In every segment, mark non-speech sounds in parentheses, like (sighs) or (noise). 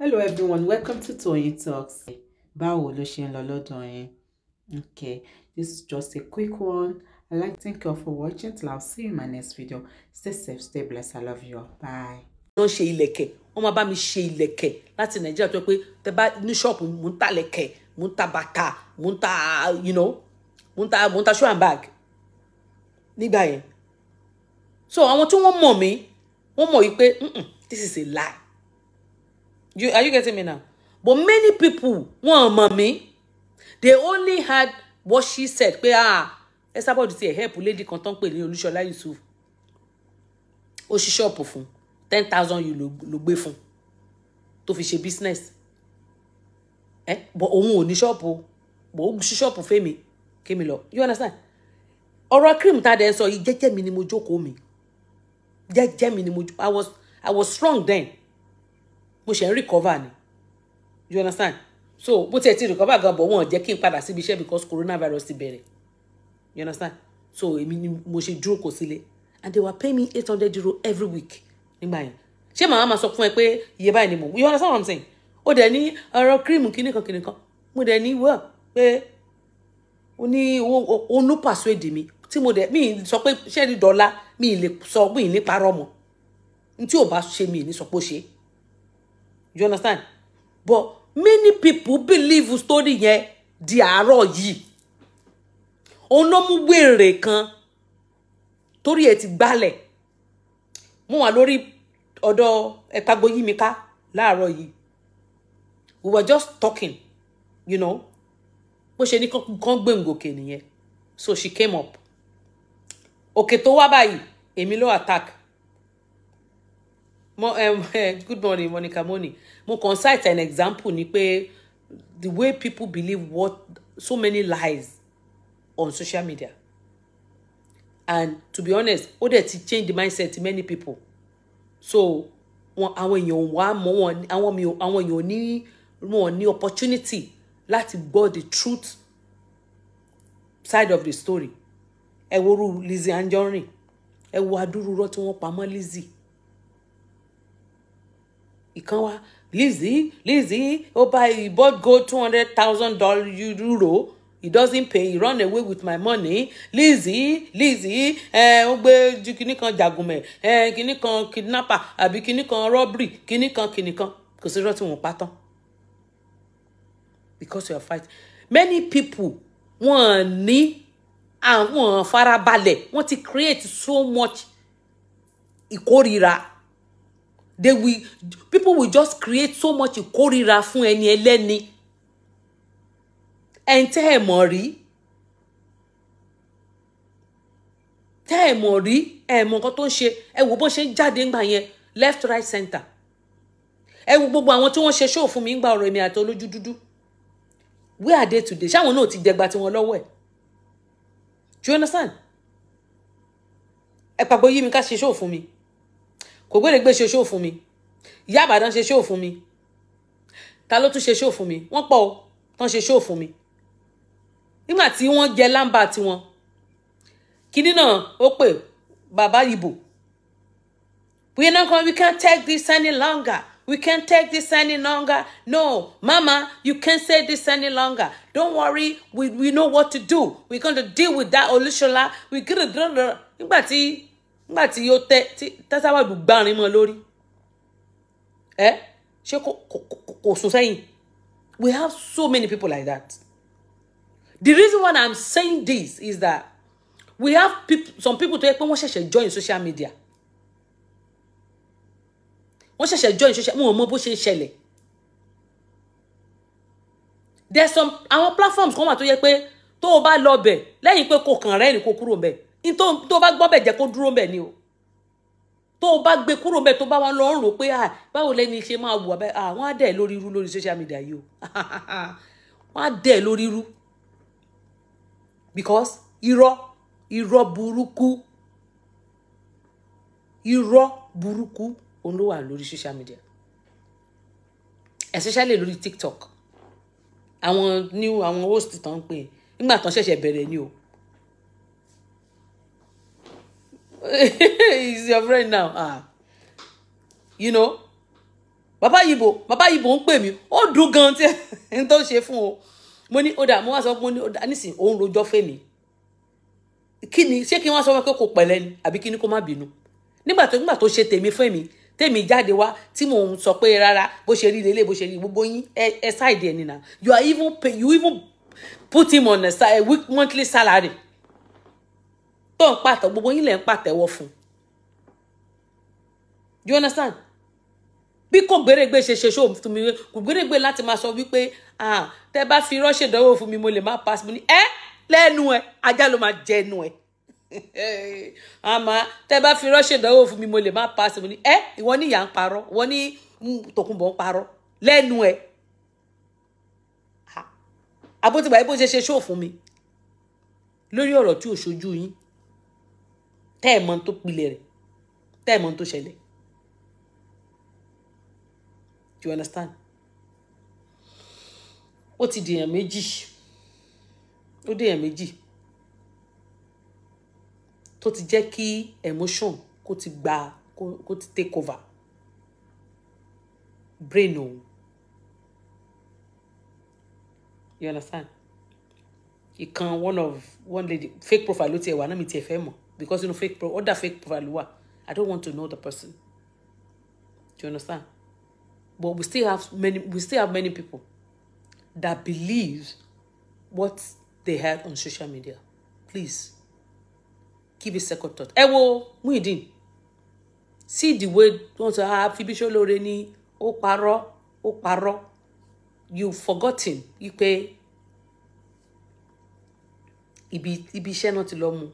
hello everyone welcome to Toyeen Talks báwo ló ṣe ń lọ lọ́dọ̀ yín okay this is just a quick one i like to thank you all for watching till i see you in my next video stay safe stay blessed i love you all bye. wọ́n ṣe ilẹ̀kẹ̀ wọ́n máa bá mi ṣe ilẹ̀kẹ̀ láti nàìjíríà tó pé tẹ bá ní ṣọ́ọ̀bù mò ń ta lẹ̀kẹ̀ mò ń ta bàtà mò ta you know mò ń ta mò ta shoe and bag nígbà yẹn so àwọn tí wọ́n mọ̀ mí wọ́n mọ̀ yìí pé this is a lie you are you getting me now but many people wọn mọ̀ they only had what she said pé ah ẹ sábọ̀dù ti ẹ̀ help lady kan tán pè ní olúṣọlá yusuf ó ṣí ṣọ́ọ̀pù fún ten thousand yìí ló gbé fún tó fi ṣe business ẹ bọ̀ òun ò ní ṣọ́ọ̀pù bọ̀ ó ṣí ṣọ́ọ̀pù fẹ́mi Kemi lo. you understand ọ̀rọ̀ cream tá a dẹ̀ ń sọ yìí jẹ́jẹ́ mi ni mo jókòó mi jẹ́jẹ́ mi ni mo i was i was strong then mo ṣe ń recover ni you understand so bó tiẹ̀ ti recover gan bọ̀ wọ́n jẹ́ kí n padà síbi iṣẹ́ because coronavirus ti bẹ̀rẹ̀ you understand so èmi ni mo ṣe dúró kò sílé and they were paying me eight hundred euro every week nígbà yẹn ṣé màmá máa sọ fún ẹ pé iye báyìí ni mò you understand what I'm saying ó dẹ̀ ní ọ̀rọ̀ kírìmù kìnnìkan kìnnìkan mo dẹ̀ ní wọ́ọ̀ pé ó ní owó ló persuade mi tí mo dẹ̀ mi ì sọ pé ṣẹ́ni dọ́là mi ì lè sọ mi ì ní parọ́ mọ́ n tí ò bá ṣe mi ì ní sọ pé ó ṣe é you understand but many people believe story yẹn di àárọ̀ yìí òun ló mú wèrè kan torí ẹ ti gbálẹ̀ mo wà lórí ọ̀dọ̀ ẹ̀tagbo yí mi ká láàárọ̀ yìí we were just talking you know bó ṣe ní kán gbẹ̀ngòkè nìyẹn so she came up òkè tó wá báyìí èmi ló attack mo um, (laughs) good morning Monica Moni mo kàn cite an example ni pé the way people believe what so many lies on social media and to be honest ó dẹ̀ ti change the mindset to many people so wọn àwọn èèyàn wà mọ wọn àwọn mi àwọn èèyàn ní wọn ní opportunity láti gbọ́ the truth side of the story ẹ wo ru Lizzy Anjorin ẹ wo adúrú irọ́ tí wọ́n pamọ́ Lizzy ìkan wa Lizzy Lizzy ó buy he bought gold two hundred thousand dollar euro he doesn't pay he run away with my money Lizzy Lizzy ẹ ó gbé ju kinní kan jàgùnmẹ̀ ẹ kinní kan kidnapper àbí kinní kan robbery kinní kan kinní kan kò sí irọ́ tí pa tán because you are fight many people wọ́n ní àwọn farabalẹ̀ wọ́n ti create so much ìkórira they will people will just create so much ìkórira fún ẹni ẹlẹ́ni ẹni tẹ́ ẹ̀ mọ̀ rí tẹ́ ẹ̀ mọ̀ rí ẹ̀ mọ̀ nǹkan tó ń ṣe ẹ wò bó ṣe ń jáde ńgbà yẹn left right center ẹ wo gbogbo àwọn tí wọ́n ṣe ṣóò fún mi ńgbà ọ̀rọ̀ èmi àti olójú dúdú where are they today ṣáwọn náà ti jẹgba tiwọn lọ́wọ́ ẹ̀ do you understand ẹ pàgbọ́ yí mi ká ṣe ṣóò fún mi kò gbèrègbè ṣe ṣó fún mi ìyá àbàdàn ṣe ṣó fún mi ta ló tún ṣe ṣó fún mi wọ́n pọ̀ o tán ṣe ṣó fún mi nígbà tí wọ́n jẹ lámbà tiwọn kinní náà ó pè bàbá ibo we no come we can't take this any longer we can't take this any longer no mama you can't say this any longer don't worry we we know what to do we gonna deal with that Olúṣọlá we gonna do nígbà tí nígbà tí yóò tẹ tí tẹsáwádù gbárin mọ́ lórí ẹ ṣé kò kò sùn sẹ́yìn we have so many people like that the reason why i'm saying this is that we have people, some people tó yẹ pé wọ́n ṣẹ̀ṣẹ̀ join social media wọ́n ṣẹ̀ṣẹ̀ join social wọn ò mọ bó ṣe ń there's some àwọn platforms kan wà tó yẹ pé tó o bá lọ bẹ̀ lẹ́yìn pé kò kàn rẹ́ẹ̀nì kò kúrò bẹ́ẹ̀ ní tó bá gbọ́ bẹ̀ jẹ́ kó dúró bẹ̀ ni o tó o bá gbé kúrò bẹ́ẹ̀ tó bá wà lọ́ọ́ rò pé báwo lẹ́ni ṣe máa wù abẹ́ àwọn á dẹ̀ lórí irú lórí social media yìí o (laughs) wọ́n á dẹ̀ lórí irú because irọ́ irọ́ burúkú irọ́ burúkú òun ló wà lórí social media especially lórí TikTok àwọn new àwọn host tán ń pè nígbà tán ṣẹ̀ṣẹ̀ bẹ̀rẹ̀ ni o (laughs) he's your friend now ah you know bàbá yibo bàbá yibo ń pè mí ó dùn gan tí (laughs) n tó ṣe fún o mo ní ó dà mo wá sọ pé mo ní ó dà nísìnyí òun rojọ́ fèmí kí ni ṣé kí wọ́n sọ pé kò pẹ̀lẹ́ ni àbí kí ni kó má bínú nígbà tó nígbà tó ṣe tèmi fèmí tèmi jáde wá tí mò ń sọ pé rárá bó ṣe rí lélẹ̀ bó ṣe rí gbogbo yín ẹ ṣáìdì ẹ̀ nìyà you are even pay you even put him on a, a week monthly salary tó ń pàtẹ́ gbogbo yín lẹ̀ ń pàtẹ́wọ́ fún you understand bí kò gbèrègbè ṣe ṣe ṣóò fún mi kò gbèrègbè láti máa sọ wípé tẹ bá fi rọ́ṣẹ̀ dánwò fún mi mo lè má pass mo ní ẹ lẹ́nu ẹ ajá ló máa jẹ ẹnu ẹ (laughs) àmọ́ tẹ bá fi rọ́ṣẹ̀ dánwò fún mi mo lè má pass mo ní ẹ ìwọ ní ìyá ń parọ́ ìwọ ní hmm, tòkunbọ̀ ń parọ́ lẹ́nu ẹ àbótigbà yìí bó ṣe ṣe ṣóò fún mi lórí ọ̀rọ̀ tí ò ṣojú yín tẹ́ ẹ̀ mọ tó pilẹ̀ rẹ̀ tẹ́ mọ tó ṣẹlẹ̀ do you understand ó ti dèèyàn méjì ó dèèyàn méjì tó ti jẹ́ kí emotion kó ti gba kó ti take over brain òun you understand ìkan one of one lady fake profile ló tiẹ̀ wà náà mi tiẹ̀ fẹ́ mọ̀ because you know fake pro other fake profile I don't want to know the person do you understand but we still have many we still have many people that believe what they heard on social media please give it second thought ẹ wo Muyideen see the way wọn sọ ah fibisọ lóore ni ó paro, ó parọ́ you forgotten wípé ibi ibi iṣẹ́ náà ti lọ mu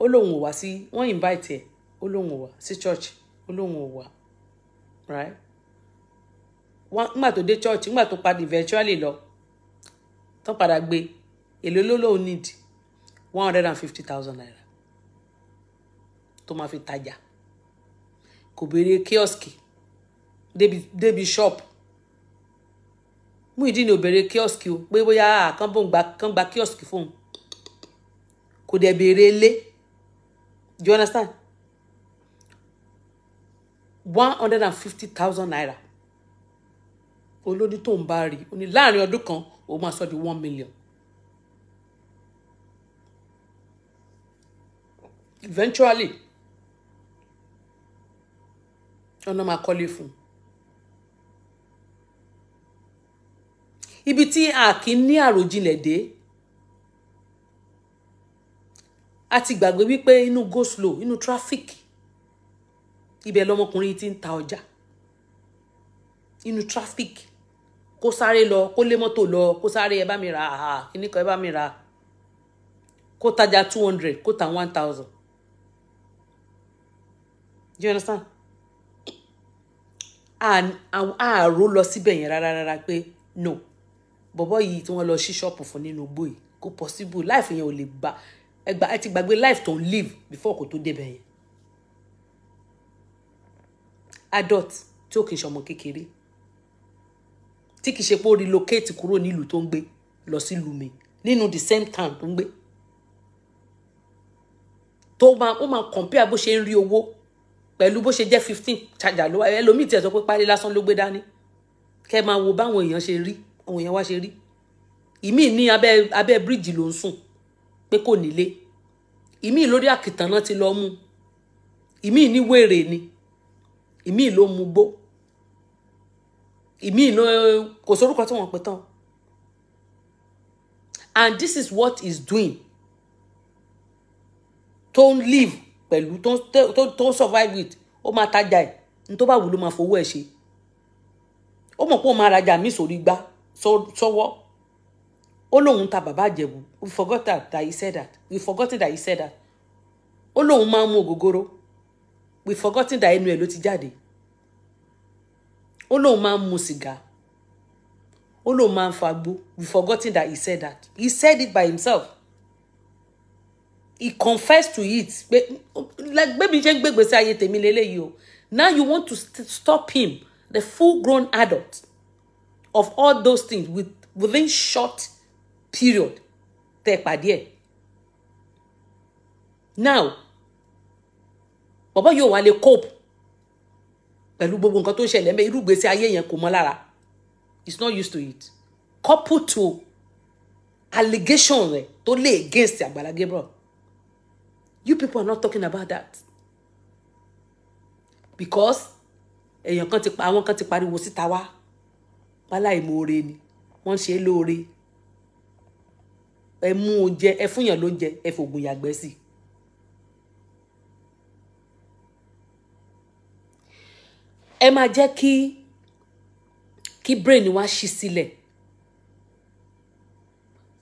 ó lóun ò wá sí wọ́n invite ẹ̀ ó lóun ò wá sí church ó lóun ò wá right wọ́n nígbà tó dé church nígbà tó padà virtually lọ tó padà gbé èlò ló need one hundred and fifty thousand naira tó máa fi tajà kò béèrè kíọ́sìkì débi débi shop Muyideen ò béèrè kíọ́sìkì o pé bóyá àkànbó ah, ń gba kíọ́sìkì fóun kò dẹ̀ béèrè ilé Do you understand? 150,000 naira. Olóní tó ń bá rí i, ó ní láàrin ọdún kan, ó máa sọ di one million. Eventually, ọ̀nà máa kọ́lé fún un. Ibi tí a kì í ní àròjinlẹ̀ dé a ti gbàgbé wípé inú go slow inú traffic ibẹ̀ lọmọkùnrin ti ń ta ọjà inú traffic kó sáré lọ kó lé mọ́tò lọ kó sáré ẹ bá mi ra àhà kíní kan ẹ bá mi ra kó tajà two hundred kó ta one thousand do you understand àárò lọ síbẹ̀ yẹn rárá rárá pé no bọ̀bọ̀ yìí tí wọ́n lọ sí ṣọ́ọ̀pù fún nínú igbó kò possible life yẹn ò lè gbà ẹ ti gbàgbé life to live before kò tó débẹ̀ yẹn adult tí ó kì í ṣọmọ kékeré tí kì í ṣe pé ó relocate kúrò nílùú tó ń gbé lọ sí ìlú nínú the same town tó ń gbé tó máa ó máa compare bó ṣe ń rí owó pẹ̀lú bó ṣe jẹ́ fifteen ṣàjà ló wá ẹlòmíì tiẹ̀ sọ pé parí lásán ló gbé dání kẹ́ máa wo báwọn èèyàn ṣe rí àwọn èèyàn wá ṣe rí ìmíì ní abẹ́ abẹ́ bíríìjì ló ń sùn pé kò nílé ìmíì lórí àkìtàn náà ti lọ mú ìmíì ní wèrè ni ìmíì ló mu gbó ìmíì náà kò sórúkọ tí wọ́n pè tán and this is what he's doing tó ń live pẹ̀lú tó ń survive with ó máa tajà ẹ̀ ní tó bá wù ló máa fowó ẹ̀ ṣe ó mọ̀ pé ó máa rajà mí sórí gbá sọ́wọ́. So, so ó lóun ta bàbá àjẹ̀bù we forgot that, that he said that we forgotten that he said that ó lóun máa ń mu ògógóró we forgotten that ẹnu ẹ̀ ló ti jáde ó lóun máa ń mu sìgá ó lóun máa ń fagbó we forgotten that he said that he said it by himself he confessed to it pé gbẹ̀mí ṣe ń gbẹ̀gbẹ̀sẹ̀ ayé tèmi lélẹ́yìí o now you want to st stop him the full grown adult of all those things with, within short period tẹ́ ẹ pàdé ẹ̀ now bàbá yóò wá lè cope pẹ̀lú gbogbo nǹkan tó ń ṣẹlẹ̀ mẹ́ irúgbésí ayé yẹn kò mọ́ lára he's not used to it couple to allegation rẹ̀ tó lé against Àgbàlá Gabriel you people are not talking about that because èèyàn kan ti pa àwọn kan ti pariwo síta wá wàhálà ìmoore ni wọ́n ṣe é lóore ẹ mú o jẹ ẹ fúnyàn ló jẹ ẹ fògùn yàgbẹ́ sí i. ẹ máa jẹ́ kí kí brain wa ṣí sílẹ̀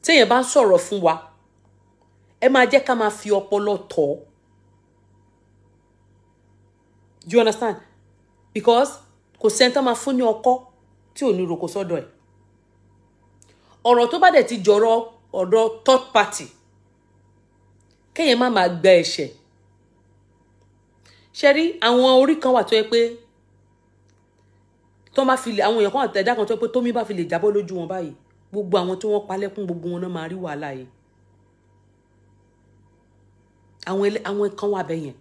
téèyàn bá ń sọ̀rọ̀ fún wa ẹ máa jẹ́ ká máa fi ọpọlọ tọ̀ do you understand because kò sẹ́ńtà máa fún ní ọkọ́ tí ò ní roko sọ́dọ̀ ẹ̀ ọ̀rọ̀ tó bá dẹ̀ ti jọ̀rọ̀ ọ̀dọ̀ third party kéèyàn má máa gba ẹ̀ṣẹ̀ ṣe rí àwọn orí kan wà tó yẹ pé tó máa fi lè àwọn èèyàn kan àtẹ̀dá kan tó yẹ pé tómi bá fi lè jábọ́ lójú wọn báyìí gbogbo àwọn tí wọ́n palẹ́kún gbogbo wọn náà máa rí wàhálà yìí àwọn àwọn kan wà bẹ́yẹn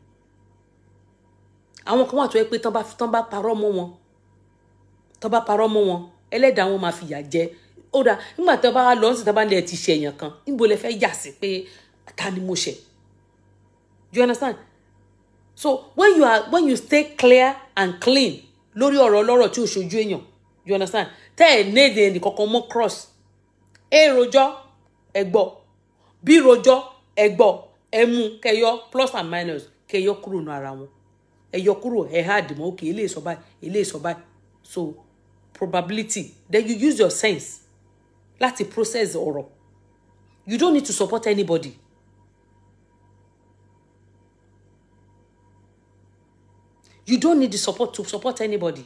àwọn kan wà tó yẹ pé tán bá parọ́ mọ́ wọn tán bá parọ́ mọ́ wọn ẹlẹ́dàá wọn máa fìyà jẹ ó dà nígbà tó bá lọ sí tábà nílẹ̀ ti ṣe èèyàn kan níbo lẹ fẹ́ yà sí pé ta ni mo ṣe you understand so when you are when you stay clear and clean lórí ọ̀rọ̀ ọlọ́rọ̀ tí ò ṣojú èèyàn you understand tẹ́ ẹ̀ néde ẹnìkankan mọ́ cross ẹ rojọ́ ẹ gbọ́ bí rojọ́ ẹ gbọ́ ẹ mú kẹyọ plus and minus kẹyọ kúrò nù ara wọn ẹ yọ kúrò ẹ há àdìmọ́ òkè eléyìí sọ báyìí eléyìí sọ báyìí so probability then you use your sense láti process ọ̀rọ̀ you don't need to support anybody. you don't need the support to support anybody.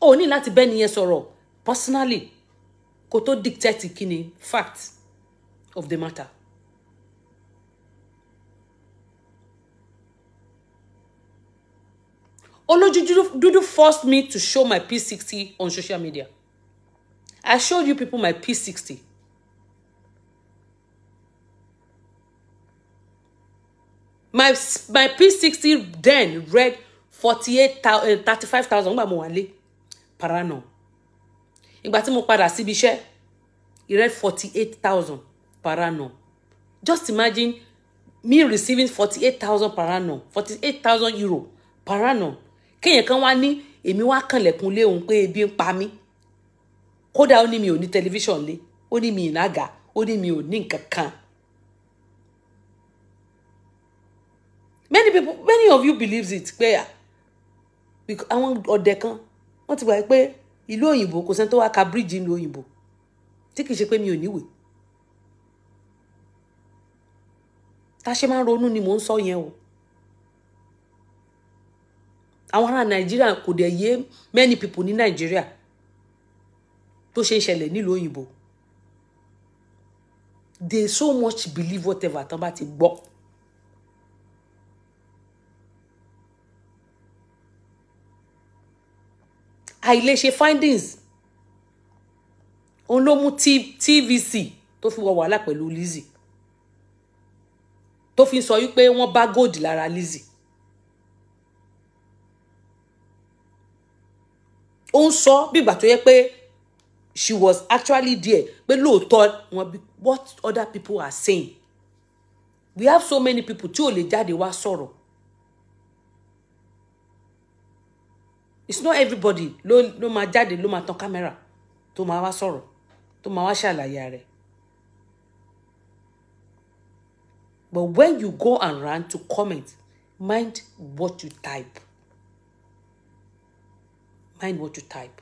o ní láti bẹ́ẹ̀ nìyẹn sọ̀rọ̀ personally kó tó dictate kí ni fact of the matter. Oloju Dudu forced me to show my P60 on social media. I showed you people my P60. My, my P60 then read 48,000, uh, 35,000 nígbà mo wà lé para nà. Ìgbà tí mo padà síbi iṣẹ́, it read 48,000 para nà. Just imagine me receiving 48,000 para nà, 48,000 euro para nà. Kéèyàn kan wá ní èmi wá kànlẹ̀kùn lé òun pé ebi ń pa mí. kódà ó ní mi ò ní tẹlifíṣàn lé ó ní mi inaga ó ní mi ò ní nǹkan kan. many people many of you believe it pé ah, àwọn ọ̀dẹ̀ kan wọ́n ti gbà pé ìlú òyìnbó kò sẹ́ni tó wá ka bíríìjì ìlú òyìnbó tí kì í ṣe pé mi ò níwèé. ta ṣe máa ni mò ń sọ yẹn o àwọn ará nàìjíríà kò dẹ̀ yé many people ní nàìjíríà tó ṣe ń ṣẹlẹ̀ nílùú òyìnbó they so much believe whatever tán bá ti gbọ́. àìlèṣe findings òun ló mú TVC tó fi wọ wàhálà pẹ̀lú Lizzy tó fi sọ wípé wọ́n bá gold lára Lizzy ó ń sọ bígbà tó yẹ pé she was actually there pé lóòótọ́ wọn bí what other people are saying we have so many people tí ò lè jáde wá sọ̀rọ̀ it's not everybody ló ló máa jáde ló máa tan kámẹ́rà tó máa wá sọ̀rọ̀ tó máa wá ṣàlàyé rẹ̀ but when you go and run to comment mind what you type mind what you type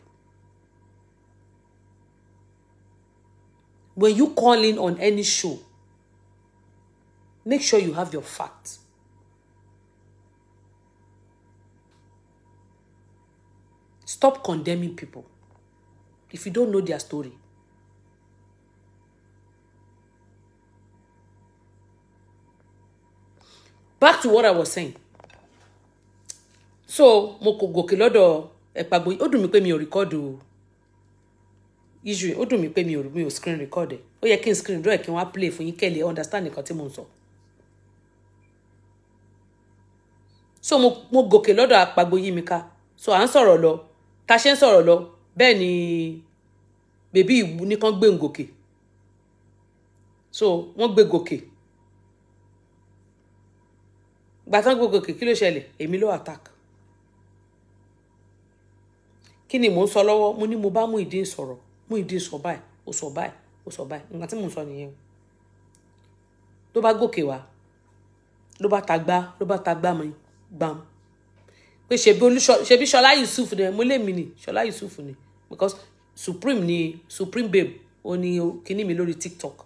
when you call in on any show, make sure you have your facts. Stop condemning people if you don't know their story. Back to what I was saying. So, mo kò gòkè lọ́dọ̀ ẹ̀pàgbọ́ ó dùn mí pé mi issue ó dùn mí pé mi ò mi ò screen record ẹ̀ ó yẹ kí n screen draw ẹ̀ kí wọ́n á play fún yín kẹ́lẹ̀ understand nǹkan tí mo ń sọ. so mo mo gòkè lọ́dọ̀ àpagbo yí mi ká so à ń sọ̀rọ̀ lọ ta ṣe ń sọ̀rọ̀ lọ bẹ́ẹ̀ ni bèbí ìwú nìkan gbé ń gòkè so wọ́n gbé gòkè gbàtán gbé gòkè kí ló ṣẹlẹ̀ èmi ló attack kí ni mò ń sọ lọ́wọ́ mo ní mo bá mú ìdí sọ̀rọ̀ Muyideen sọ báyìí ó sọ báyìí ó sọ báyìí nǹkan tí mò ń sọ nìyẹn ló bá gòkè wá ló bá tagbá ló bá tagbá mi gbam pé ṣebí ṣọlá yusuf ni mo lè mi ni ṣọlá yusuf ni because supreme ni supreme babe ó ní kíní mi lórí tiktok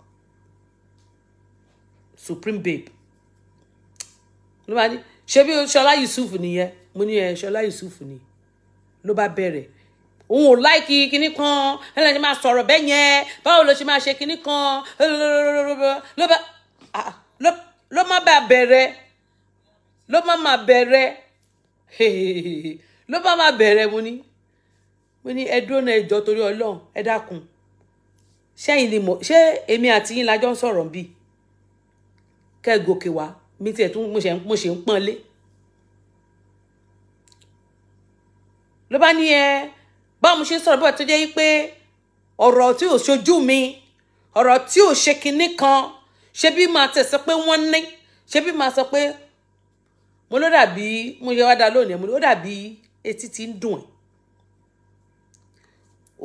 supreme babe ló bá ní ṣebí ṣọlá yusuf nìyẹn mo ní ẹ ṣọlá yusuf ni ló bá bẹ̀rẹ̀ òun ò láìkí kinní kan ẹlẹ́ni máa sọ̀rọ̀ bẹ́ẹ̀ yẹn báwo ló ṣe máa ṣe kinní kan ah, ló má bá bẹ̀rẹ̀ ló má má bẹ̀rẹ̀ ló má má bẹ̀rẹ̀ mo ní mo ní ẹ dúró náà ẹjọ́ torí ọlọ́run ẹ dákun ṣẹ́yìn lè mọ̀ ṣé èmi àti yín lájọ́ ń sọ̀rọ̀ bíi kẹ́ gòkè wá mi tiẹ̀ tún mo ṣe ń pọ́nlé ló bá ní ẹ báwo mo ṣe ń sọ̀rọ̀ bíwà tó jẹ́ pé ọ̀rọ̀ tí ò ṣojú mi ọ̀rọ̀ tí ò ṣe kinní kan ṣé bí máa tẹ̀sán pé wọ́n ní ṣé bí máa sọ pé mo ló dàbí mo yẹ wá dá lónìí mo ló dàbí etí ti ń dùn ẹ̀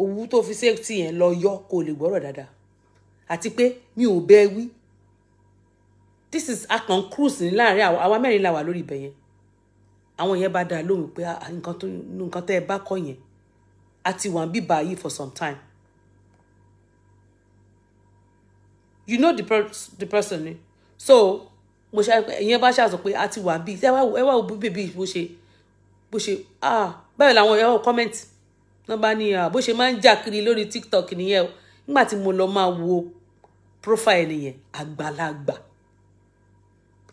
òwú tó fi ṣéètì yẹn lọ yọ kó lè gbọ́rọ̀ dáadáa àti pé mi ò bẹ́ wí this is akàn cruise ní láàrin àwa mẹ́rin la wà lórí ibẹ̀ yẹn àwọn yẹn bá dá lóhùn pé ah, nǹkan tẹ́ ẹ bá kọ́ yẹn a ti wà ń bíbá yìí for some time you know the, per the person ni so mo ṣe ìyẹn bá ṣàṣọ pé a ti wà bíi ẹ wá ẹ wá òbí bèbí bó ṣe bó ṣe ah báyìí làwọn ẹ̀rọ comment náà bá ní ah, bó ṣe máa ń jà kiri lórí tiktok nìyẹn o nígbà tí mo lọ máa wo profile nìyẹn àgbàlagbà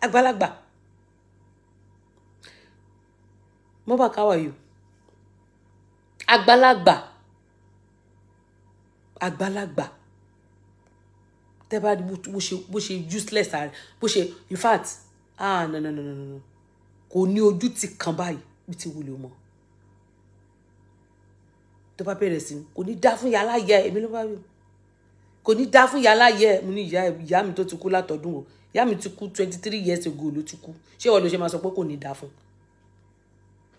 àgbàlagbà Mohbad how are you Agbalagba, agbalagba. tẹ́ bá di bó ṣe bó ṣe useless ààrẹ bó ṣe in fact ah no no no no no kò ní ojú ti kàn báyìí bí ti wulẹ̀ mọ́ tó bá bẹ̀rẹ̀ sí kò ní dá fún yàrá yẹ èmi ló bá rí kò ní dá fún yàrá yẹ mo ní ìyá ìyá mi tó ti kú látọdún o ìyá mi ti kú twenty three years ago ló ti kú ṣé ìwọ ló ṣe máa sọ pé kò ní dá fún un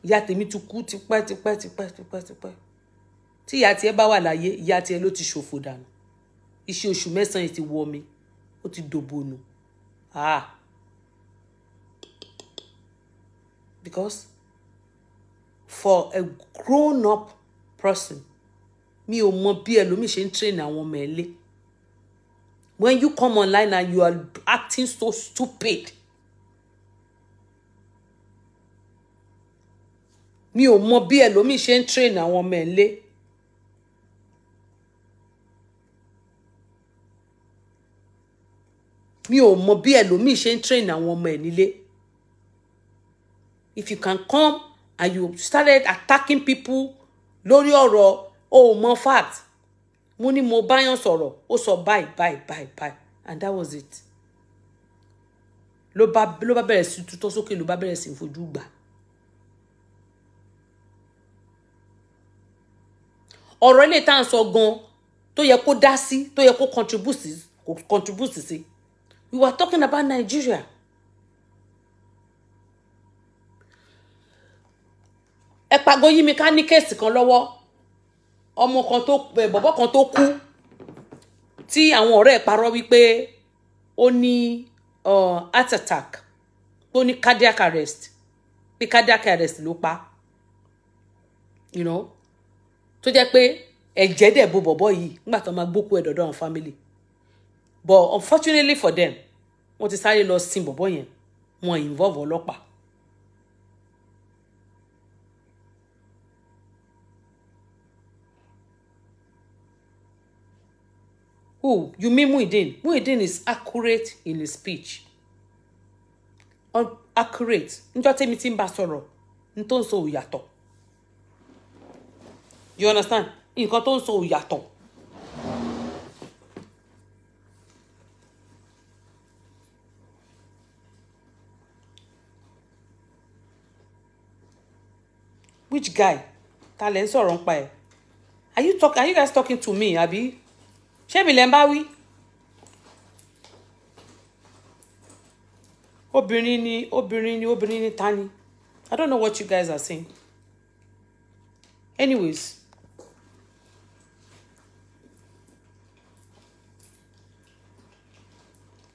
ìyá tèmi ti kú tipẹ́ tipẹ́ tipẹ́ tipẹ́ tipẹ́ tí ìyá tiẹ̀ bá wà láyé ìyá tiẹ̀ ló ti ṣòfò dànù iṣẹ́ oṣù mẹ́sàn-án ti wọ mi ó ti dòbo nù ah because for a grown up person mi ò mọ bí ẹlòmíì ṣe ń train àwọn ọmọ ẹ lé when you come online and you are acting so stupid. mi ò mọ bí ẹlòmíì ṣe ń train àwọn ọmọ ẹ̀ lé. mi ò mọ bí ẹlòmíì ṣe ń train àwọn ọmọ ẹ̀ nílé. if you can come and you started attacking people lórí ọ̀rọ̀ o ò mọ fact mo ní mo báyàn sọ̀rọ̀ ó sọ bye bye bye bye, and that was it ló bá bẹ̀rẹ̀ sí tutọ́ sókè ló bá bẹ̀rẹ̀ sí fojú gbà. ọ̀rọ̀ ilé tá à ń sọ gan tó yẹ kó dá sí tó yẹ kó contribute sí we were talking about Nigeria. ẹ pàgọ́ yí mi ká ní kéèsì kan lọ́wọ́ ọmọ kan tó bọ̀bọ̀ kan tó kú tí àwọn ọ̀rẹ́ ẹ̀ parọ́ wípé ó ní heart attack tó ní cardiac arrest pé cardiac arrest ló pa you know tó jẹ́ pé ẹ̀jẹ̀ dẹ̀ bo bọ̀bọ̀ yìí nígbà tó máa gbókú ẹ̀ dọ̀dọ̀ àwọn family but unfortunately for them wọ́n ti sáré lọ sin bọ̀bọ̀ yẹn wọ́n involve ọlọ́pàá. who you mean Muideen Muideen is accurate in his speech accurate njọ́ tẹ́mi tí ń bá sọ̀rọ̀ n tó ń sọ òyàtọ̀ you understand nǹkan tó ń sọ ò yàtọ̀ which guy ta lẹ ń sọ̀rọ̀ nípa ẹ̀ are you talk are you guys talking to me àbí ṣé mi lẹ ń bá wí. obìnrin ni obìnrin ni obìnrin ni ta ni i don't know what you guys are saying anyways.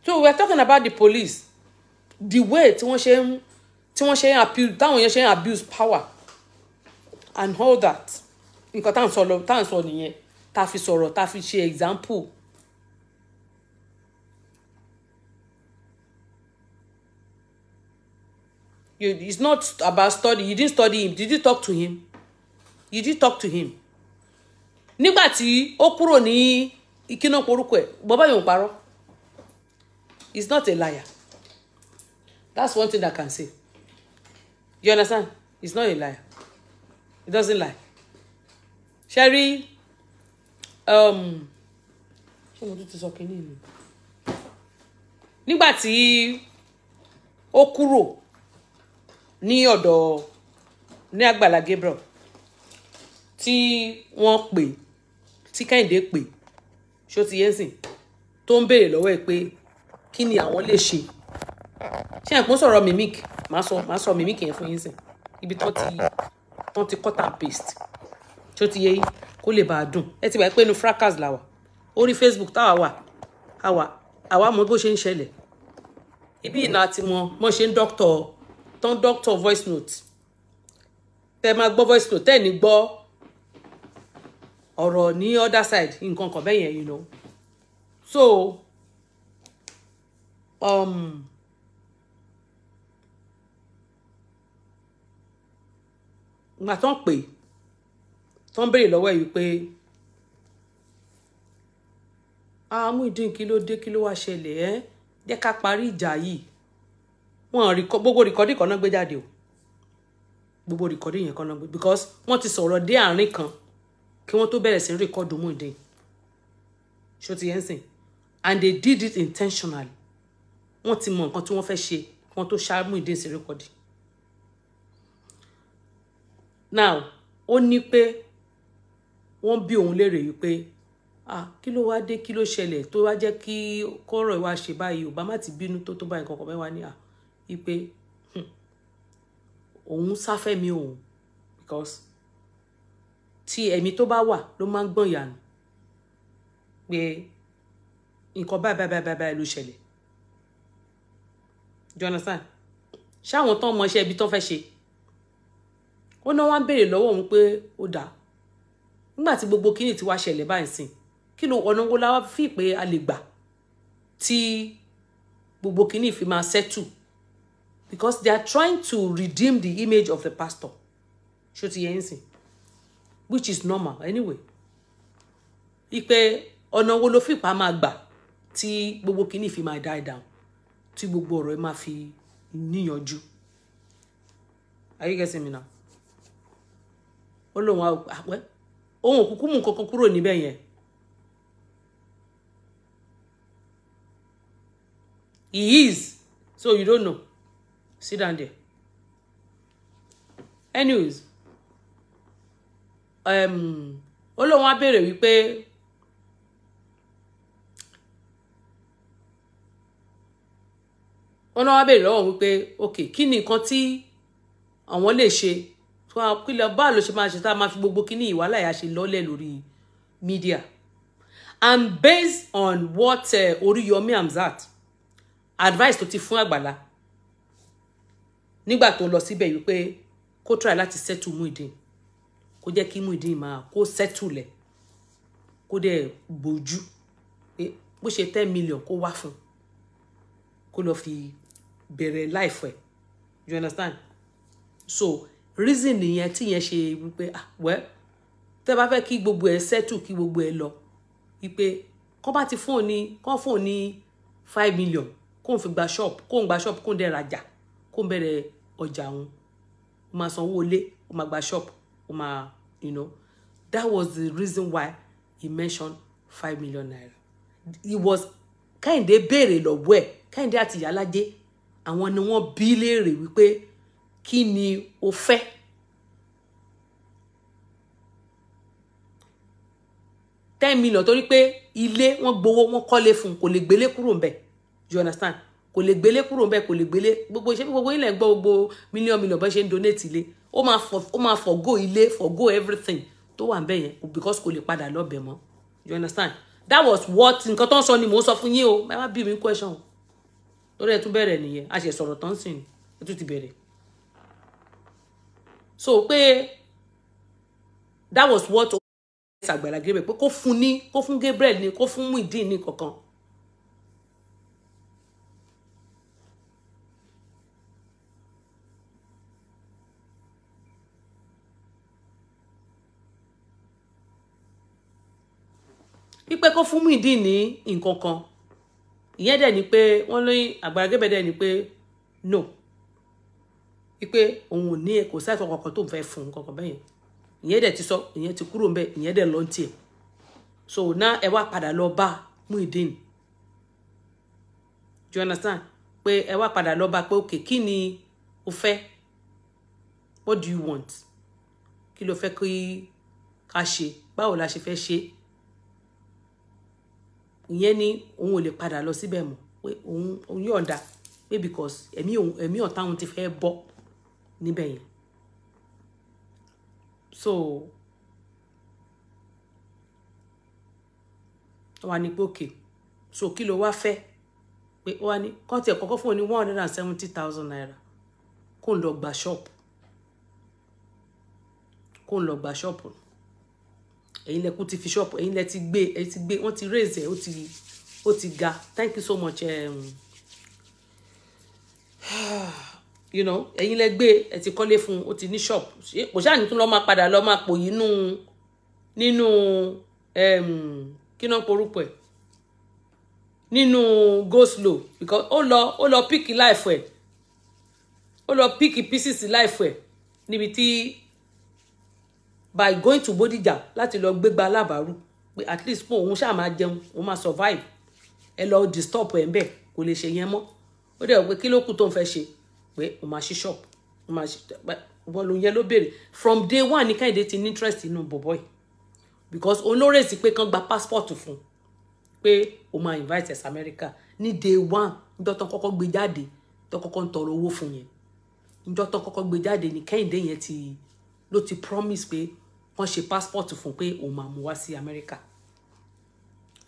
so we are talking about the police the way tí wọ́n ṣe ń tí wọ́n ṣe ń abuse táwọn yẹn ṣe ń abuse power and all that nǹkan tá à ń sọ lọ tá à ń sọ nìyẹn tá a fi sọ̀rọ̀ tá a fi ṣe example. You, it's not about study you didn't study him did you talk to him you did talk to him nígbà tí ó kúrò ní ìkíná porúkọ ẹ bàbá yóò parọ́ he's not a liar that's one thing i can say you understand he's not a liar he doesn't lie sherry um ṣé mo tún ti sọ kínní ni nígbà tí ó kúrò ní ọ̀dọ̀ ní Àgbàlá Gabriel Ti wọ́n pè tí Kẹ́hìndé pè ṣó ti yẹn sìn tó ń béèrè lọ́wọ́ ẹ̀ kí ni àwọn lè ṣe ṣé ẹ̀kún sọ̀rọ̀ mimic màá sọ màá sọ mimic yẹn fún yín sìn ibi tán ti tán ti cut and paste tí ó ti yẹ kó lè bàa dùn ẹ ti gbà pé inú fracas là wà orí Facebook táwa wà àwa àwa mọ bó ṣe ń ṣẹlẹ̀ ibi ìná àti mọ mọ ṣe ń dọ́kítọ̀ tán dọ́kítọ̀ voice note tẹ máa gbọ́ voice note tẹ́ẹ̀ ní gbọ́ ọ̀rọ̀ ní other side nǹkan kan bẹ́yẹn you know so um, gbà tán pè tán béèrè lọ́wọ́ yìí pé àmú ah, ìdín kí ló dé kí ló wá ṣẹlẹ̀ ẹ́ jẹ́ ká parí ìjà yìí wọ́n rí gbogbo rìkọ́dì kan náà gbé jáde o gbogbo rìkọ́dì yẹn kan náà gbé because wọ́n ti sọ̀rọ̀ dé àárín kan kí wọ́n tó bẹ̀rẹ̀ sí rìkọ́dì mú ìdín ṣó ti yẹn sìn and they did it intentionally wọ́n ti mọ nǹkan tí wọ́n fẹ́ ṣe wọ́n tó ṣá Muyideen Ṣerekodi now ó ní pé wọ́n bí òun léèrè yìí pé ah kí ló wáá dé kí ló ṣẹlẹ̀ tó wá jẹ́ kí kọ́rọ̀ ìwà ṣe báyìí ò bá má ti bínú tó tó báyìí kankan mẹ́wàá ní à wípé òun sáfẹ́mi òun because tí ẹ̀mí tó bá wà ló máa ń gbọ̀n yànnà pé nǹkan báyìí báyìí báyìí ló ṣẹlẹ̀ do you understand ṣáwọn tán mọṣẹ́ ibi tán fẹ́ ṣe ó náà wọ́n béèrè lọ́wọ́ òun pé ó dà nígbà tí gbogbo kíní ti wá ṣẹlẹ̀ báyìí sìn kí ló ọ̀nà wo la wá fi pé a lè gbà tí gbogbo kíní fi máa settle because they are trying to redeem the image of the pastor ṣó ti yẹ ń sìn which is normal anyway ipe ọ̀nà wo ló fìpá máa gbà tí gbogbo kíní fi máa die down tí gbogbo ọ̀rọ̀ ẹ máa fi níyanjú are you getting me now ó lóun àpẹ ohun òkúkú mú kankan kúrò níbẹ̀ yẹn he is so you don't know sit down there anyways um, ó lóun á béèrè wípé. wọn náà wá bèèrè lọ́wọ́ wípé ok kí ni nǹkan tí àwọn lè ṣe kí lọ bá ló ṣe máa ṣe tá a máa fi gbogbo kíní ìwàhálà yà ṣe lọ́lẹ̀ lórí media and based on what uh, Oríyọmí Hamzat advice tó ti fún Àgbàlá nígbà tó lọ síbẹ̀ wípé kó try láti settle Muyideen kó jẹ́ kí Muyideen máa kó settle ẹ̀ kó dẹ̀ bójú bó ṣe ten million kó wá fún kó lọ fi bẹ̀rẹ̀ life ẹ̀ you understand so reason nìyẹn tí yẹn ṣe wípé ah well tẹ́ bá fẹ́ kí gbogbo ẹ̀ settle kí gbogbo ẹ̀ lọ wípé kọ́ bá ti fóun ní kọ́ fóun ní five million kóun fi gba shop kóun gba shop kóun dẹ̀ rajà kóun bẹ̀rẹ̀ ọjà òun ó máa sanwó ilé ó máa gba shop ó máa you know that was the reason why he mentioned five million naira he was kẹ́hìndé béèrè lọ́wọ́ ẹ̀ kẹ́hìndé àti ìyálájẹ́ àwọn ni wọ́n bí léèrè wípé kí ni o fẹ́. ten million torí pé ilé wọ́n gbowó wọ́n kọ́lé fún kò lè gbélé kúrò ńbẹ̀ you understand kò lè gbélé kúrò ńbẹ̀ kò lè gbélé gbogbo iṣẹ́ gbogbo ilẹ̀ gbọ́ gbogbo mílíọ̀nù mílíọ̀nù bá ṣe ń donate ilé ó máa for ó máa forgo ilé forgo everything tó wà ńbẹ̀ yẹn because kò lè padà lọ́bẹ̀ mọ́ you understand that was what nǹkan tó ń sọ ni mò ń sọ fún yín o ẹ bí mi question o lórí ẹ tún bẹ̀rẹ̀ nìyẹn a ṣe sọ̀rọ̀ tán sìn ẹ tún ti bẹ̀rẹ̀ so pé that was what Àgbàlá Gabriel pé kó fún ní kó fún Gabriel ní kó fún Muideen ní kankan. pípẹ́ kó fún Muideen ní nǹkan kan ìyẹn dẹ̀ ni pé wọ́n lóyún Agbala Gabriel dẹ̀ ni pé no wípé òun ò ní kò sáì fọkàn kan tó ń fẹ́ fún un kankan bẹ́yẹn ìyẹn dẹ̀ ti sọ ìyẹn ti kúrò ńbẹ̀ ìyẹn dẹ̀ lọ ń tiẹ̀ so náà ẹ wá padà lọ bá Muyideen do you understand pé ẹ wá padà lọ bá pé ok kí ni o fẹ́ what do you want kí ló fẹ́ kí ká ṣe báwo la ṣe fẹ́ ṣe ìyẹn ni òun ò lè padà lọ síbẹ̀ mọ́ pé òun òun yọ̀ǹda pé because ẹ̀mí òun ẹ̀mí ọ̀tá òun ti fẹ́ bọ́ níbẹ̀ yẹn so wà ní pé so kí ló wá fẹ́ pé wà ní kọ́ńtì ẹ̀kọ́ kọ́fún ní one hundred and seventy thousand naira kó ń lọ gba ṣọ́ọ̀pù kó ń lọ gba ṣọ́ọ̀pù ẹ̀yin lẹ́kùn ti fi ṣọ́ọ̀pù ẹ̀yin lẹ́ ti gbé ẹ̀ ti gbé wọ́n ti raise ẹ̀ ó ti ó ti ga thank you so much um, (sighs) you know ẹ̀yin lẹ́ gbé ẹ̀ ti kọ́lé fún ó ti ní ṣọ́ọ̀pù kò ṣáà ní tún lọ́ọ́ máa padà lọ́ọ́ máa pò yìí nínú nínú um, kí náà porúkọ ẹ̀ nínú go slow because ó lọ ó lọ pick life ẹ̀ ó lọ pick pieces life ẹ̀ níbi tí by going to Bódìjà láti lọ gbégbá alábàárù pé at least pé òun ṣáà máa jẹun òun máa survive ẹ lọ disturb ẹ̀ ń bẹ̀ kò lè ṣe yẹn mọ́ ó dẹ̀ pé kí ló kù tó ń fẹ́ ṣe pé òun máa ṣí shop òun máa ṣe wọ́n ló yẹn ló béèrè from day one ní Kẹ́hìndé ti ní interest inú bọ̀bọ̀ yìí because olóore sì pé kán gba passport fún pé òun máa invite ẹ̀sà America ní day one níjọ́ tán kọ́kọ́ gbé jáde tán kọ́kọ́ ń tọrọ owó fún yẹn níjọ́ tán kọ́kọ́ gbé jáde ní Kẹ́hìndé yẹn ti ló ti promise pé wọ́n ṣe passport fún pé òun máa mú wá sí Amẹ́ríkà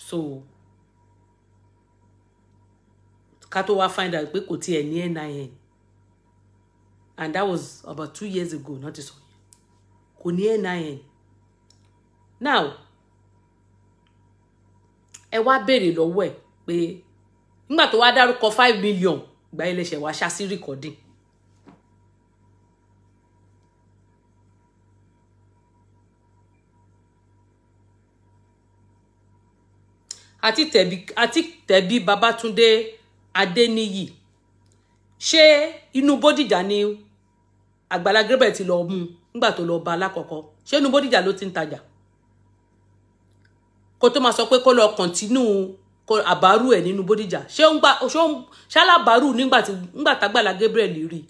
so ká tó wá find out pé kò tiẹ̀ ní NIN and that was about two years ago not this sọ yẹn kò ní NIN now ẹ wá béèrè lọ́wọ́ ẹ̀ pé nígbà tó wá dárúkọ five million gba ilé iṣẹ́ wa ṣá sí recording àti tẹ̀bí àti tẹ̀bí babatunde adéníyì ṣé inú bódìjà ni àgbàlá Gabriel ti lọ mú nígbà tó lọ bá alákọ̀ọ́kọ́ ṣé inú bódìjà ló ti ń tajà kó tó máa sọ pé kó lọ kọ̀ntínú àbárù ẹ̀ nínú bódìjà ṣé ó ń gbà ṣé ó ń ṣálàbárù nígbà tí nígbà tágbàlá Gabriel rí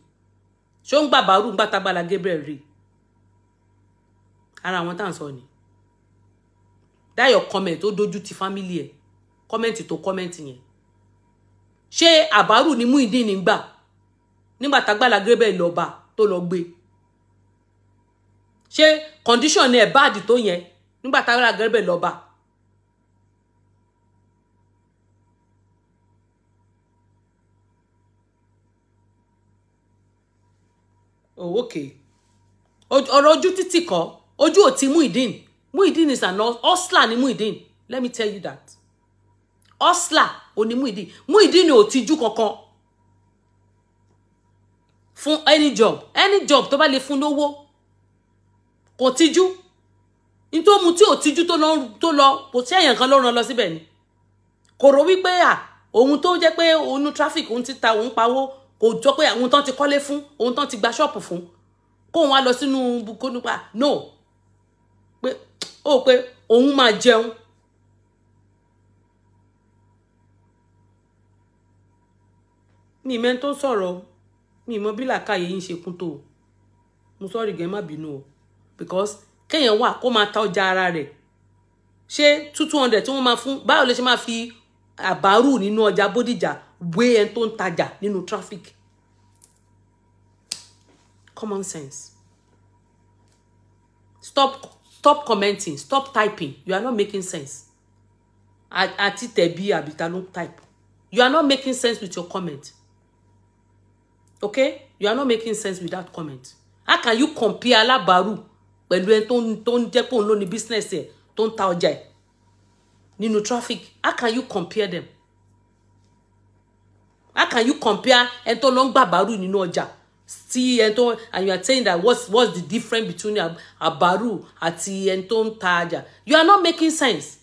ṣé ń gbà bárù nígbà tágbàlá Gabriel rí ara àwọn tá à ń sọ ni that your comment ó dojú ti family ẹ̀ kọ́mẹ́ǹtì tó kọ́mẹ́ǹtì yẹn ṣé àbárù ni Muyideen nígbà nígbà tágbàlá Gabriel lọ́ba tó lọ gbé ṣé kọ́ndíṣọ̀n ẹ̀ báàdì tó yẹn nígbà tágbàlá Gabriel lọ́ba. oh okay ọ̀rọ̀ ojú títì kọ́ ojú ò ti Muyideen Muyideen is an hustler ni Muyideen let me tell you that ọ́sìlà òní Muyideen Muyideen ni ò tijú kankan fún any job any job tó bá lè fún lówó kò tijú nítorí mu tí ò tijú tó lọ kò sí èèyàn kan ló ràn lọ síbẹ̀ ni kò rò wípé à òun tó jẹ́ pé òun traffic òun ti ta òun pawó kò jọ pé àwọn tán ti kọ́lé fún òun tán ti gba ṣọ́ọ̀pù fún kóun wá lọ sínú kónípa no pé ó pé òun máa jẹun mi ìmẹ́ni tó ń sọ̀rọ̀ mi ìmọ̀ bí làkàyè yín ṣe kún tó o mo sọ́ọ̀rì gẹ́ má bínú because kéèyàn wà kó máa ta ọjà ara rẹ̀ ṣé two two hundred tí wọ́n máa fún báwo lè ṣe máa fi àbárù nínú ọjà bódìjà wé ẹni tó taja tajà nínú traffic common sense stop stop commenting stop typing you are not making sense Ati Tebi àbí ta ló type you are not making sense with your comment okay you are not making sense with that comment how can you compare alábàárù pẹ̀lú ẹni tó ń tó ń jẹ́ pé òun ló ní business ẹ̀ tó ń ta ọjà ẹ̀ nínú traffic how can you compare them how can you compare ẹni tó lọ ń gbà bàárù nínú ọjà sí ẹni tó and you are saying that what's what's the difference between àbàárù àti ẹni tó ń ta ọjà you are not making sense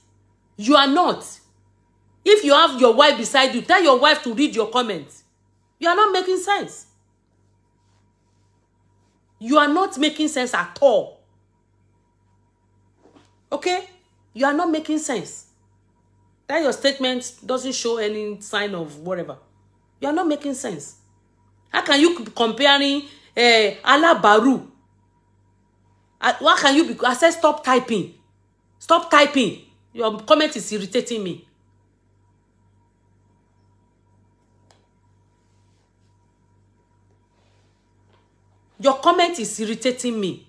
you are not if you have your wife beside you tell your wife to read your comment you are not making sense You are not making sense at all. Okay? You are not making sense. That your statement doesn't show any sign of whatever. You are not making sense. How can you comparing uh, eh, Allah Baru? Ah, why can you be? I said stop typing. Stop typing. Your comment is irritating me. Your comment is irritating me.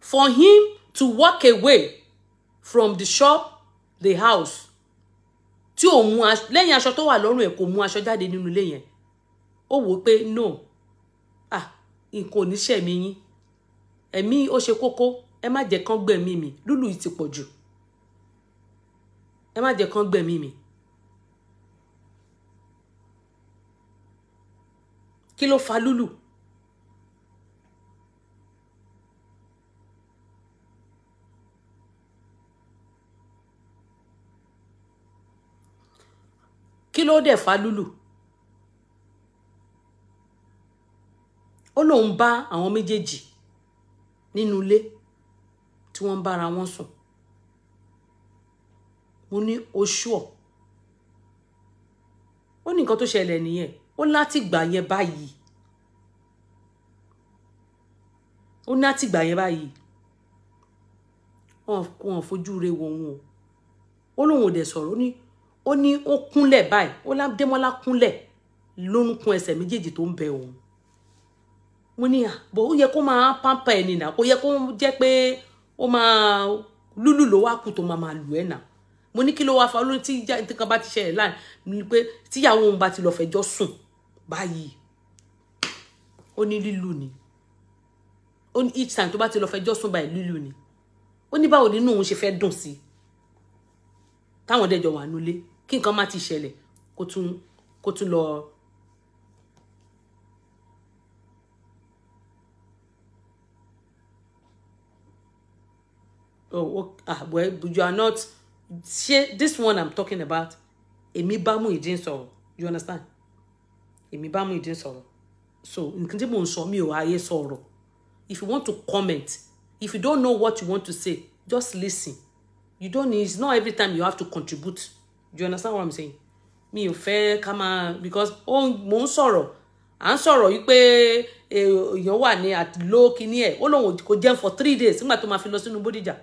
For him to walk away from the shop, the house, tí o mú aṣọ lẹ́yìn aṣọ tó wà lọ́rùn ẹ̀ kò mú aṣọ jáde nínú ilé yẹn ó no ah nǹkan ni ní ṣẹ̀mí yín ẹ̀mí ó ṣe kókó ẹ má jẹ́ kán gbẹ̀mí mi lúlù ti pọ̀ jù ẹ má jẹ́ kán gbẹ̀mí mi. kí ló fa lúlù kí ló dẹ̀ fa lúlù ó lóun bá àwọn méjèèjì nínú ilé tí wọ́n ń bára wọn sùn mo ní oṣù ọ̀ ó ní nǹkan tó ṣẹlẹ̀ nìyẹn ó láti gbà yẹn báyìí ó láti gbà yẹn báyìí wọn fojú re wo òun o ó lóun ò dẹ̀ sọ̀rọ̀ ó ní ó ní ó kúnlẹ̀ báyìí ó lá Dẹ́mọ́lá kúnlẹ̀ lórúnkún ẹsẹ̀ méjèèjì tó ń bẹ òun mo ní à ah, bọ̀ ó yẹ kó máa pampa ẹ̀ nìyà kó yẹ kó jẹ́ pé ó máa lúlù ló wá kù tó máa máa lù ẹ́ náà mo ní kí ló wá fa olórin tí nǹkan bá ti ṣẹlẹ̀ láàrin ni pé tíyàwó òun bá ti lọ fẹjọ́ sùn báyìí ó ní lílù ni ó ní each time tó bá ti lọ fẹjọ́ sùn báyìí lílù ni ó ní báwo nínú òun ṣe fẹ́ dùn sí táwọn dẹjọ wà nulẹ̀ kí nǹkan má ti ṣẹlẹ̀ kó tún kó tún lọ oh, okay. ah, well, you are not ṣé this one i'm talking about emi bamu Muyideen sọ̀rọ̀ you understand Emi bamu Muyideen sọ̀rọ̀ so nǹkan tí mò ń sọ mi ò ayé sọ̀rọ̀ if you want to comment if you don't know what you want to say just listen you don't need it's not every time you have to contribute you understand what i'm saying mi ò fẹ́ ká máa because mò ń sọ̀rọ̀ à ń sọ̀rọ̀ yìí pé eh, èèyàn wà ní àlọ́ kínní ẹ̀ ó lóun kò jẹun for three days nígbà tó máa fi lọ sínú Bódìjà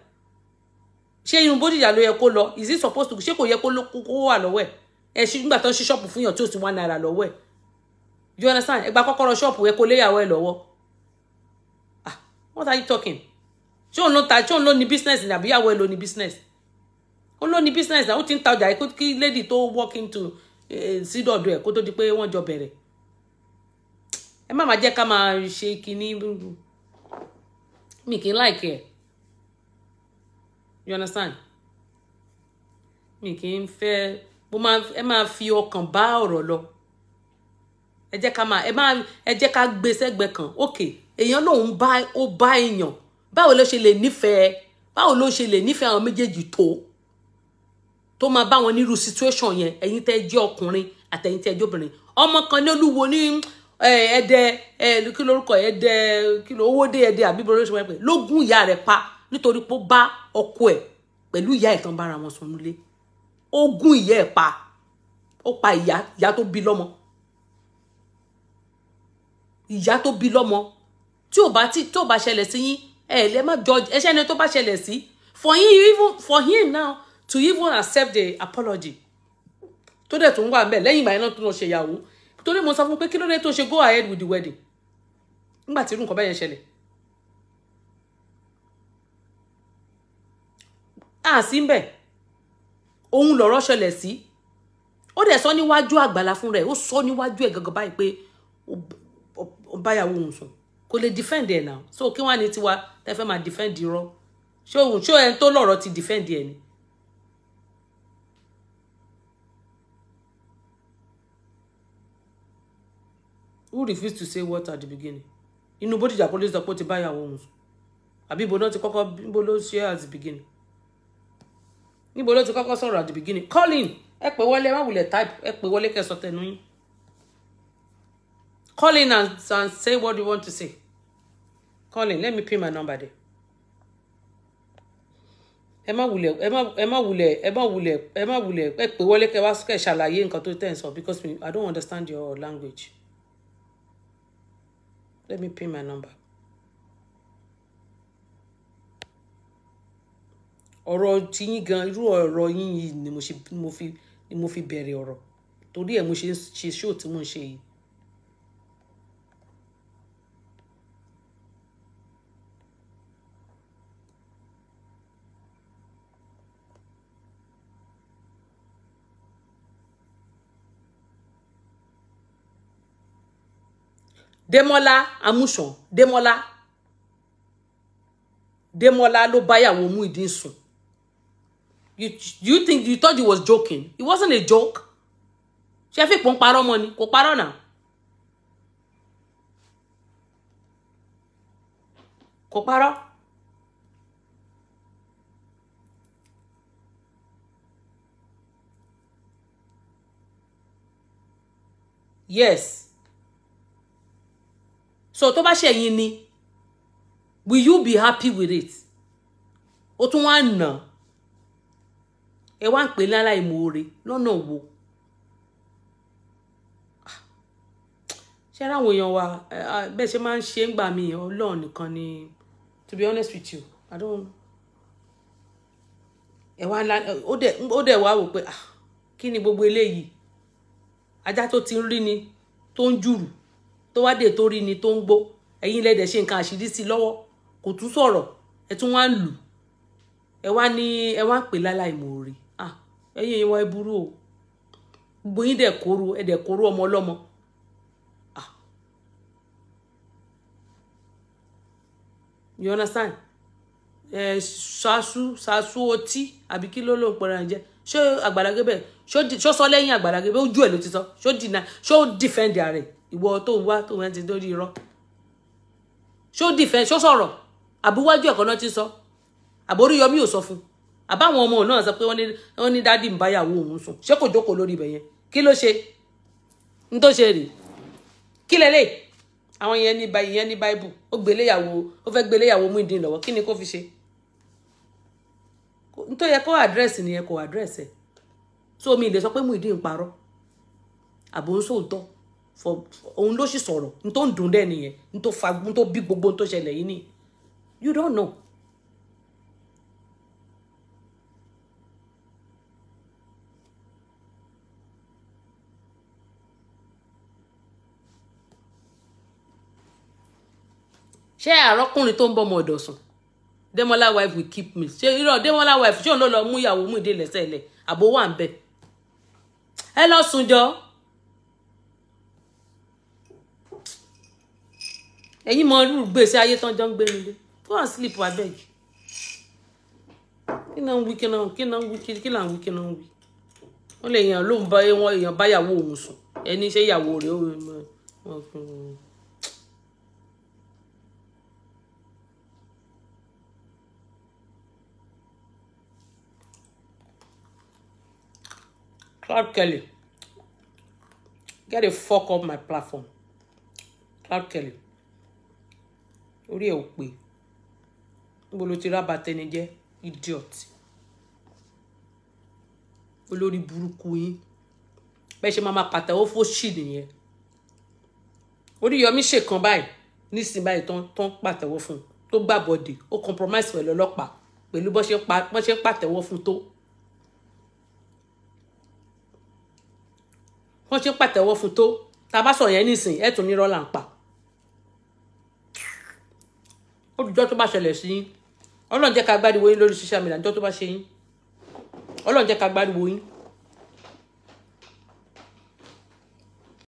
ṣé irun Bódìjà ló yẹ kó lọ is it supposed to ṣé kò yẹ kó wà lọ́wọ́ ẹ̀ ẹ̀ ṣe nígbà tó ń ṣí ṣọ́ọ̀pù fún yàn tí ò sí one naira lọ́wọ́ ẹ̀ you understand ẹ gba kọ́kọ́rọ́ ṣọ́ọ̀pù ẹ kó léyàwó ẹ lọ́wọ́ ah what are you talking ṣé òun ló ta ṣé òun ló ní business ni àbíyàwó ẹ ló ní business ó ló ní business náà ó ti ń ta ọjà ẹ kí lady tó walk into eh, sí dọ̀dọ̀ ẹ kó tó di pé wọ́n jọ bẹ̀rẹ̀ ẹ má má jẹ́ ká máa ṣe kinní mi kì í láìkẹ́ ẹ̀ you understand mi kì í fẹ́ mo máa ẹ máa fi ọkàn bá ọ̀rọ̀ lọ ẹ jẹ́ ká máa ẹ máa ẹ jẹ́ ká gbé sẹ́gbẹ̀ẹ́ kan ok èèyàn lòun bá ó bá èèyàn báwo ló ṣe lè nífẹ̀ẹ́ báwo ló ṣe lè nífẹ̀ẹ́ àwọn méjèèjì tó tó máa bá wọn nírú situation yẹn ẹ̀yin tẹ́ jẹ́ ọkùnrin àtẹ̀yin tẹ́ jẹ́ obìnrin ọmọ kan ní olúwo ní ẹ̀ẹ́dẹ́ kí lorúkọ ẹ̀ẹ́dẹ́ kí ló owó dé ẹ̀ẹ́dẹ́ àbí bọ́lá ló ṣe wọ́n pè lógún ìyá rẹ̀ pa nítorí pé ó bá ọkọ ẹ̀ pẹ̀lú ìyá ẹ̀ tán bára wọn sùn nílé ó gún ìyá ẹ̀ pa ó pa ìyá ìyá tó bí lọ́mọ ìyá tó bí lọ́mọ tí ò bá tí ò bá ṣẹlẹ̀ sí yín ẹ lẹ má judge ẹ̀ṣẹ̀ ni tó bá ṣẹlẹ̀ sí for him even for him now to even accept the apology tó dẹ̀ tó ń wà bẹ́ẹ̀ lẹ́yìn ìgbà yẹn náà tó lọ ṣe ìyàwó torí mo sọ fún pé kí ló dé tó ṣe go ahead with the wedding nígbà tí irú nǹkan bẹ́ẹ̀ yẹn ṣẹlẹ̀ a ah, sí mbẹ̀ òun lọ̀rọ̀ ṣẹlẹ̀ sí ó dẹ̀ sọ níwájú àgbàlá fún rẹ̀ ó sọ níwájú ẹ̀ gangan báyìí pé ó báyàwó òun sùn kò lè defend ẹ̀ náà so kí wọ́n á ní tiwa tẹ́ fẹ́ máa defend irọ́ ṣé òun ṣé ẹni tó lọ̀rọ̀ ti defend ẹ̀ ni. who refuse to say at the beginning inú police sọ pé ó ti báyàwó òun sùn ti kọ́kọ́ ló at the beginning. níbo ló ti kọ́kọ́ sọ̀rọ̀ at the beginning call in ẹ pè wọlé má wulẹ̀ type ẹ pè wọlé kẹsọ tẹnu yín call in and, and say what you want to say call in let me pin my number there ẹ má wulẹ̀ ẹ má ẹ má wulẹ̀ ẹ má wulẹ̀ ẹ má wulẹ̀ ẹ pè wọlé kẹ wá kẹ ṣàlàyé nǹkan tó tẹ̀ ń sọ because I don't understand your language let me pin my number ọ̀rọ̀ ti yín gan irú ọ̀rọ̀ yín yìí ni mo ṣe mo fi ni mo fi bẹ̀rẹ̀ ọ̀rọ̀ torí ẹ̀ mo ṣe ṣe ṣóò tí mo ń ṣe yìí. Démọ́lá amúṣàn Démọ́lá Démọ́lá ló báyàwó mú ìdí sùn you you think you thought he was joking it wasn't a joke She fi pọ́n parọ́ mọ́ ni kò parọ́ náà kò parọ́. yes so tó bá ṣẹ̀yìn ni will you be happy with it ó tún wá nà ẹ wá ń pè ní aláìmoore lọ́nà wo ah. ṣé ráwọn èèyàn wa eh, ah, bẹ́ẹ̀ ṣe máa ń ṣe ń gbà mí ọlọ́run nìkan ni to be honest with you i don't ẹ wá la ó dẹ̀ wá wò pé ah, kí ni gbogbo eléyìí ajá tó ti ń rí ni tó ń jùrù tó wá dé tó rí ni tó ń gbó ẹ̀yin lẹ́dẹ̀ ṣe nǹkan àṣírí sí lọ́wọ́ kò tún sọ̀rọ̀ ẹ tún wá ń lù ẹ wá ní ẹ wá ń pè láláìmoore ẹ̀yin èèyàn wa o gbogbo yín dẹ̀ kóró ẹ dẹ̀ kóró ah. you understand ẹ ṣaṣu ṣaṣu ọtí àbí kí ló ló ń pẹ̀rẹ̀ jẹ́ ṣé Agbala Gabriel ṣó sọ lẹ́yìn Agbala Gabriel ojú ẹ̀ ló ti sọ ṣó dìnnà ṣó dìfẹ́ǹdì ààrẹ ìwọ tó ń wá tó ń wá ti dórí irọ́ ṣó dìfẹ́ ṣó sọ̀rọ̀ àbúwájú ẹ̀kọ́ náà ti sọ àbórí yọmí ò sọ fún un àbáwọn ọmọ náà sọ pé wọ́n ní dádì ń báyàwó òun sùn ṣé kò jókòó lórí ibẹ̀ yẹn kí ló ṣe ń tó ṣe rèé kí lélẹ̀ àwọn yẹn ní báyìí yẹn ní báìbù ó gbéléyàwó ó fẹ́ gbéléyàwó mú ìdí lọ́wọ́ kí ni kó fi ṣe n tó yẹ kó àdírẹ́sì nìyẹn kò àdírẹ́sì ẹ̀ so mi ìlẹ̀ sọ pé mú ìdí ń parọ́ àbò ń sòótọ́ òun ló sì sọ̀rọ̀ n tó ń dùn dẹ́ nìyẹn n tó fa n tó bí gbogbo n tó ṣẹlẹ̀ yìí ni you don't know ṣé àrọ́kùnrin tó ń bọ́ ọmọ ọ̀dọ̀ sùn Demola wife will keep me ṣé irọ́ Demola wife ṣé òun ló lọ mú ìyàwó mú ìdí lẹ́sẹ̀ lẹ̀ àbó wà ń bẹ̀ ẹ lọ sùn jọ. ẹ̀yin mọ irú gbèsè ayé tán jọ ń gbé nílé go and sleep abeg kí náà ń wí kí náà kí náà ń wí kí náà ń wí kí náà ń wí wọn lè yàn lóun bá èèyàn báyàwó òun sùn ẹni ṣe ìyàwó rẹ̀ ó wọn fún un. Cloud Kelly, get the fuck off my platform. Cloud Kelly, orí ẹ̀ ò pé níbo ló ti rábà tẹni jẹ́ idiot olórí burúkú yín bẹ́ẹ̀ ṣe máa ma pàtẹ́wọ́ fóṣì nìyẹn Oríyọmí ṣèkan báyìí nísìnyí báyìí tán tán pàtẹ́wọ́ fún un tó body. ó compromise pẹ̀lú ọlọ́pàá pẹ̀lú bọ́n ṣe pàtẹ́wọ́ fún un tó wọ́n ṣe ń pàtẹ́wọ́ fún tó tá bá sọ yẹn nísìn ẹ̀ tún nírọ́ là ń pa olùjọ́ tó bá ṣẹlẹ̀ sí yín ọlọ́run jẹ́ ká gbáriwo yín lórí social media níjọ́ tó bá ṣe yín ọlọ́run jẹ́ ká gbáriwo yín